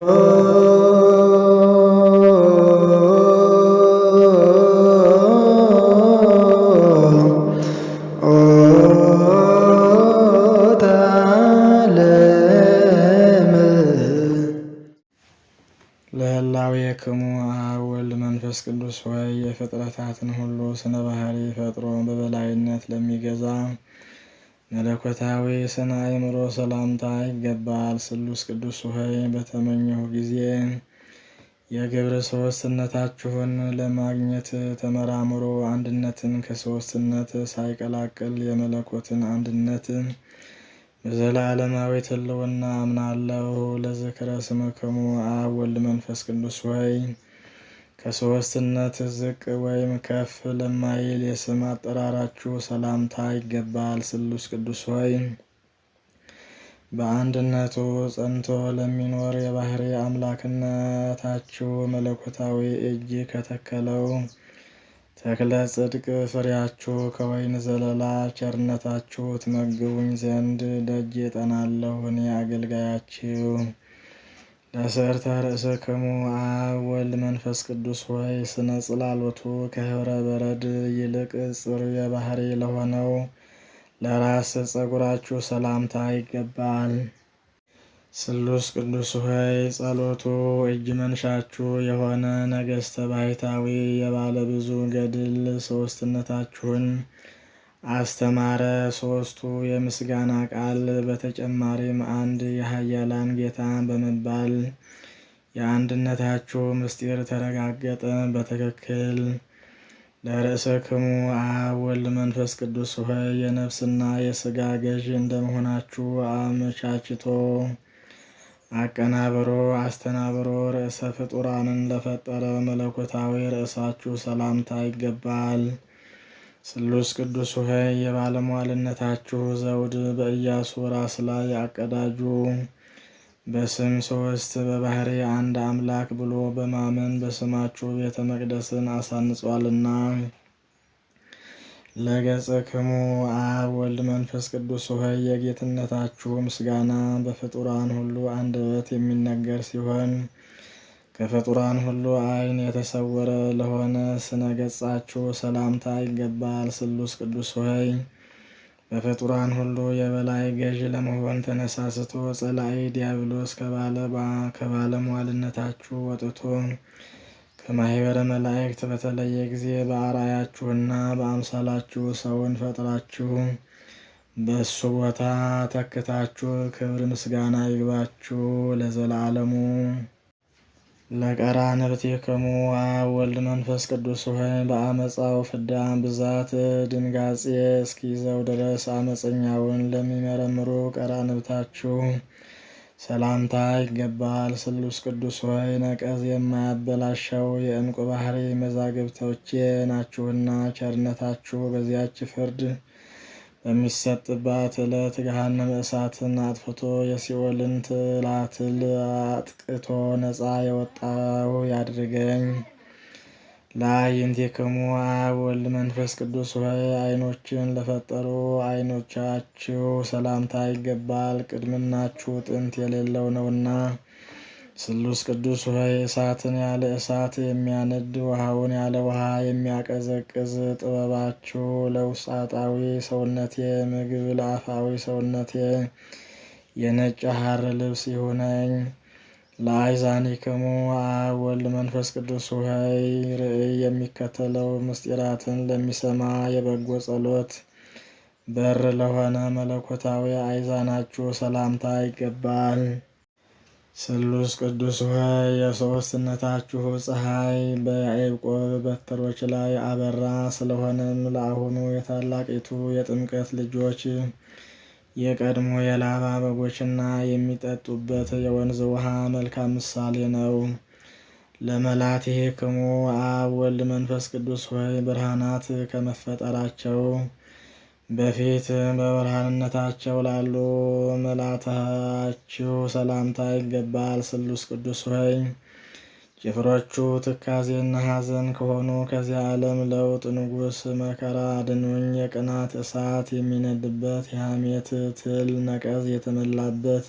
ለህላዌክሙ አብ ወልድ መንፈስ ቅዱስ ሆይ የፍጥረታትን ሁሉ ስነ ባህሪ ፈጥሮ በበላይነት ለሚገዛ መለኮታዊ ስነ አእምሮ ሰላምታ ይገባል። ስሉስ ቅዱስ ሆይ በተመኘሁ ጊዜ የግብር ሶስትነታችሁን ለማግኘት ተመራምሮ አንድነትን ከሶስትነት ሳይቀላቅል የመለኮትን አንድነት በዘላለማዊ ትልውና አምናለሁ። ለዝክረ ስምክሙ አብ ወልድ መንፈስ ቅዱስ ሆይ ከሶስትነት ዝቅ ወይም ከፍ ለማይል የስም አጠራራችሁ ሰላምታ ይገባል። ስሉስ ቅዱስ ሆይ በአንድነቱ ጸንቶ ለሚኖር የባህሪ አምላክነታችሁ መለኮታዊ እጅ ከተከለው ተክለ ጽድቅ ፍሬያችሁ ከወይን ዘለላ ቸርነታችሁ ትመግቡኝ ዘንድ ደጅ እጠናለሁ እኔ አገልጋያችሁ ለሰርተ ርእሰ ከሙ አብ ወልድ መንፈስ ቅዱስ ሆይ ስነ ጽላሎቱ ከህብረ በረድ ይልቅ ጽር ባህሪ ለሆነው ለራስ ጸጉራችሁ ሰላምታ ይገባል። ስሉስ ቅዱስ ሆይ ጸሎቱ እጅ መንሻችሁ የሆነ ነገስተ ባሕታዊ የባለ ብዙ ገድል ሶስትነታችሁን አስተማረ። ሶስቱ የምስጋና ቃል በተጨማሪም አንድ የሀያላን ጌታ በመባል የአንድነታችሁ ምስጢር ተረጋገጠ። በትክክል ለርዕሰ አብ ወልድ መንፈስ ቅዱስ ሆይ የነፍስና የስጋ ገዥ እንደመሆናችሁ አመቻችቶ አቀናብሮ አስተናብሮ ርዕሰ ፍጡራንን ለፈጠረ መለኮታዊ ርዕሳችሁ ሰላምታ ይገባል። ስሉስ ቅዱስ ሆይ የባለሟልነታችሁ ዘውድ በኢያሱ ራስ ላይ አቀዳጁ። በስም ሶስት በባህሪ አንድ አምላክ ብሎ በማመን በስማችሁ ቤተ መቅደስን አሳንጿልና። ለገጽክሙ አብ ወልድ መንፈስ ቅዱስ ሆይ የጌትነታችሁ ምስጋና በፍጡራን ሁሉ አንደበት የሚነገር ሲሆን ከፍጡራን ሁሉ ዓይን የተሰወረ ለሆነ ስነ ገጻችሁ ሰላምታ ይገባል። ስሉስ ቅዱስ ሆይ በፍጡራን ሁሉ የበላይ ገዥ ለመሆን ተነሳስቶ ጸላኢ ዲያብሎስ ከባለሟልነታችሁ ወጥቶ ከማህበረ መላእክት በተለየ ጊዜ በአርአያችሁና በአምሳላችሁ ሰውን ፈጥራችሁ በእሱ ቦታ ተክታችሁ ክብር ምስጋና ይግባችሁ ለዘላለሙ። ለቀራ ንብቴክሙ አብ ወልድ መንፈስ ቅዱስ ሆይ በአመፃው ፍዳን ብዛት ድንጋጼ እስኪይዘው ድረስ አመፀኛውን ለሚመረምሩ ቀራ ንብታችሁ ሰላምታ ይገባል። ስሉስ ቅዱስ ሆይ ነቀዝ የማያበላሸው የእንቁ ባህሪ መዛግብቶቼ ናችሁና ቸርነታችሁ በዚያች ፍርድ በሚሰጥባት ዕለት ገሃነመ እሳትን አጥፍቶ የሲኦልን ትላትል አጥቅቶ ነፃ የወጣው ያድርገኝ። ለአዕይንቲክሙ አብ ወልድ መንፈስ ቅዱስ ሆይ አይኖችን ለፈጠሩ አይኖቻችሁ ሰላምታ ይገባል። ቅድምናችሁ ጥንት የሌለው ነውና ስሉስ ቅዱስ ሆይ እሳትን ያለ እሳት የሚያነድ ውሃውን ያለ ውሃ የሚያቀዘቅዝ ጥበባችሁ ለውሳጣዊ ሰውነቴ ምግብ ለአፋዊ ሰውነቴ የነጭ ሐር ልብስ ይሁነኝ። ለአይዛኒክሙ አብ ወልድ መንፈስ ቅዱስ ሆይ ርእይ የሚከተለው ምስጢራትን ለሚሰማ የበጎ ጸሎት በር ለሆነ መለኮታዊ አይዛናችሁ ሰላምታ ይገባል። ስሉስ ቅዱስ ሆይ የሶስትነታችሁ ፀሐይ በያዕቆብ በትሮች ላይ አበራ። ስለሆነም ለአሁኑ የታላቂቱ የጥምቀት ልጆች የቀድሞ የላባ በጎችና የሚጠጡበት የወንዝ ውሃ መልካም ምሳሌ ነው። ለመላቴ ክሙ አብ ወልድ መንፈስ ቅዱስ ሆይ ብርሃናት ከመፈጠራቸው በፊት በብርሃንነታቸው ላሉ መላትሃችሁ ሰላምታ ይገባል። ስሉስ ቅዱስ ሆይ ጭፍሮቹ ትካዜና ሐዘን ከሆኑ ከዚያ ዓለም ለውጥ ንጉሥ መከራ አድኑኝ። የቅናት እሳት የሚነድበት የሐሜት ትል ነቀዝ የተመላበት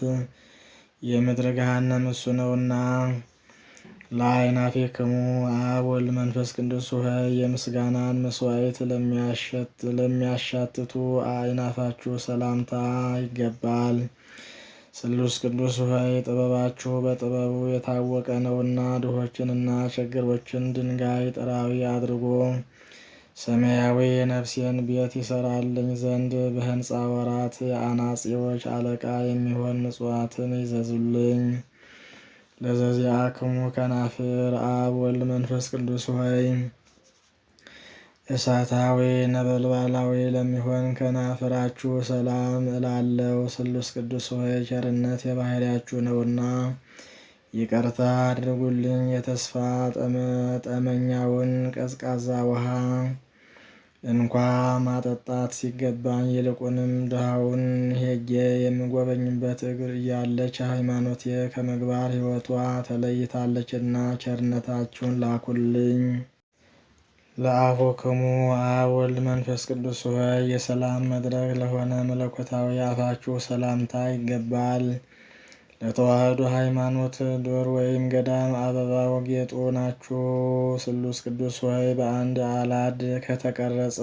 የምድር ገሃነም እሱ ነውና ለአይናፌክሙ አብ ወልድ መንፈስ ቅዱስ ውሀይ የምስጋናን መስዋዕት ለሚያሻትቱ አይናፋችሁ ሰላምታ ይገባል። ስሉስ ቅዱስ ውሀይ ጥበባችሁ በጥበቡ የታወቀ ነውና ድሆችንና ችግሮችን ድንጋይ ጥራዊ አድርጎ ሰማያዊ የነፍሴን ቤት ይሰራልኝ ዘንድ በህንፃ ወራት የአናጺዎች አለቃ የሚሆን ምጽዋትን ይዘዙልኝ። ለዘዚአክሙ ከናፍር አብ ወልድ መንፈስ ቅዱስ ሆይ እሳታዊ ነበልባላዊ ለሚሆን ከናፍራችሁ ሰላም እላለው። ስሉስ ቅዱስ ሆይ ቸርነት የባህሪያችሁ ነውና ይቅርታ አድርጉልኝ። የተስፋ ጠመ ጠመኛውን ቀዝቃዛ ውሃ እንኳ ማጠጣት ሲገባኝ ይልቁንም ድሃውን ሄጌ የምጎበኝበት እግር እያለች ሃይማኖቴ ከምግባር ሕይወቷ ተለይታለችና ቸርነታችሁን ላኩልኝ። ለአቡክሙ አብ ወልድ መንፈስ ቅዱስ ሆይ የሰላም መድረክ ለሆነ መለኮታዊ አፋችሁ ሰላምታ ይገባል። ለተዋህዶ ሃይማኖት ዶር ወይም ገዳም አበባው ጌጡ ናችሁ። ስሉስ ቅዱስ ሆይ በአንድ አላድ ከተቀረጸ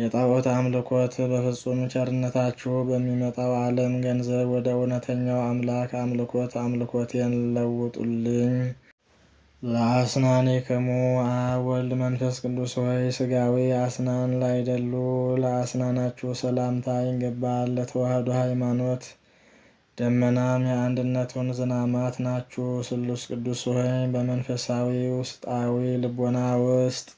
የጣዖት አምልኮት በፍጹም ቸርነታችሁ በሚመጣው ዓለም ገንዘብ ወደ እውነተኛው አምላክ አምልኮት አምልኮቴን ለውጡልኝ። ለአስናኔክሙ አብ ወልድ መንፈስ ቅዱስ ሆይ ስጋዊ አስናን ላይደሉ ለአስናናችሁ ሰላምታ ይገባል። ለተዋህዶ ሃይማኖት ደመናም የአንድነት ዝናማት ናችሁ። ስሉስ ቅዱስ ሆይ በመንፈሳዊ ውስጣዊ ልቦና ውስጥ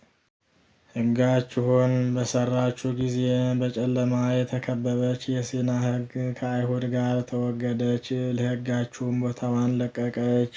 ሕጋችሁን በሰራችሁ ጊዜ በጨለማ የተከበበች የሲና ሕግ ከአይሁድ ጋር ተወገደች፣ ለሕጋችሁም ቦታዋን ለቀቀች።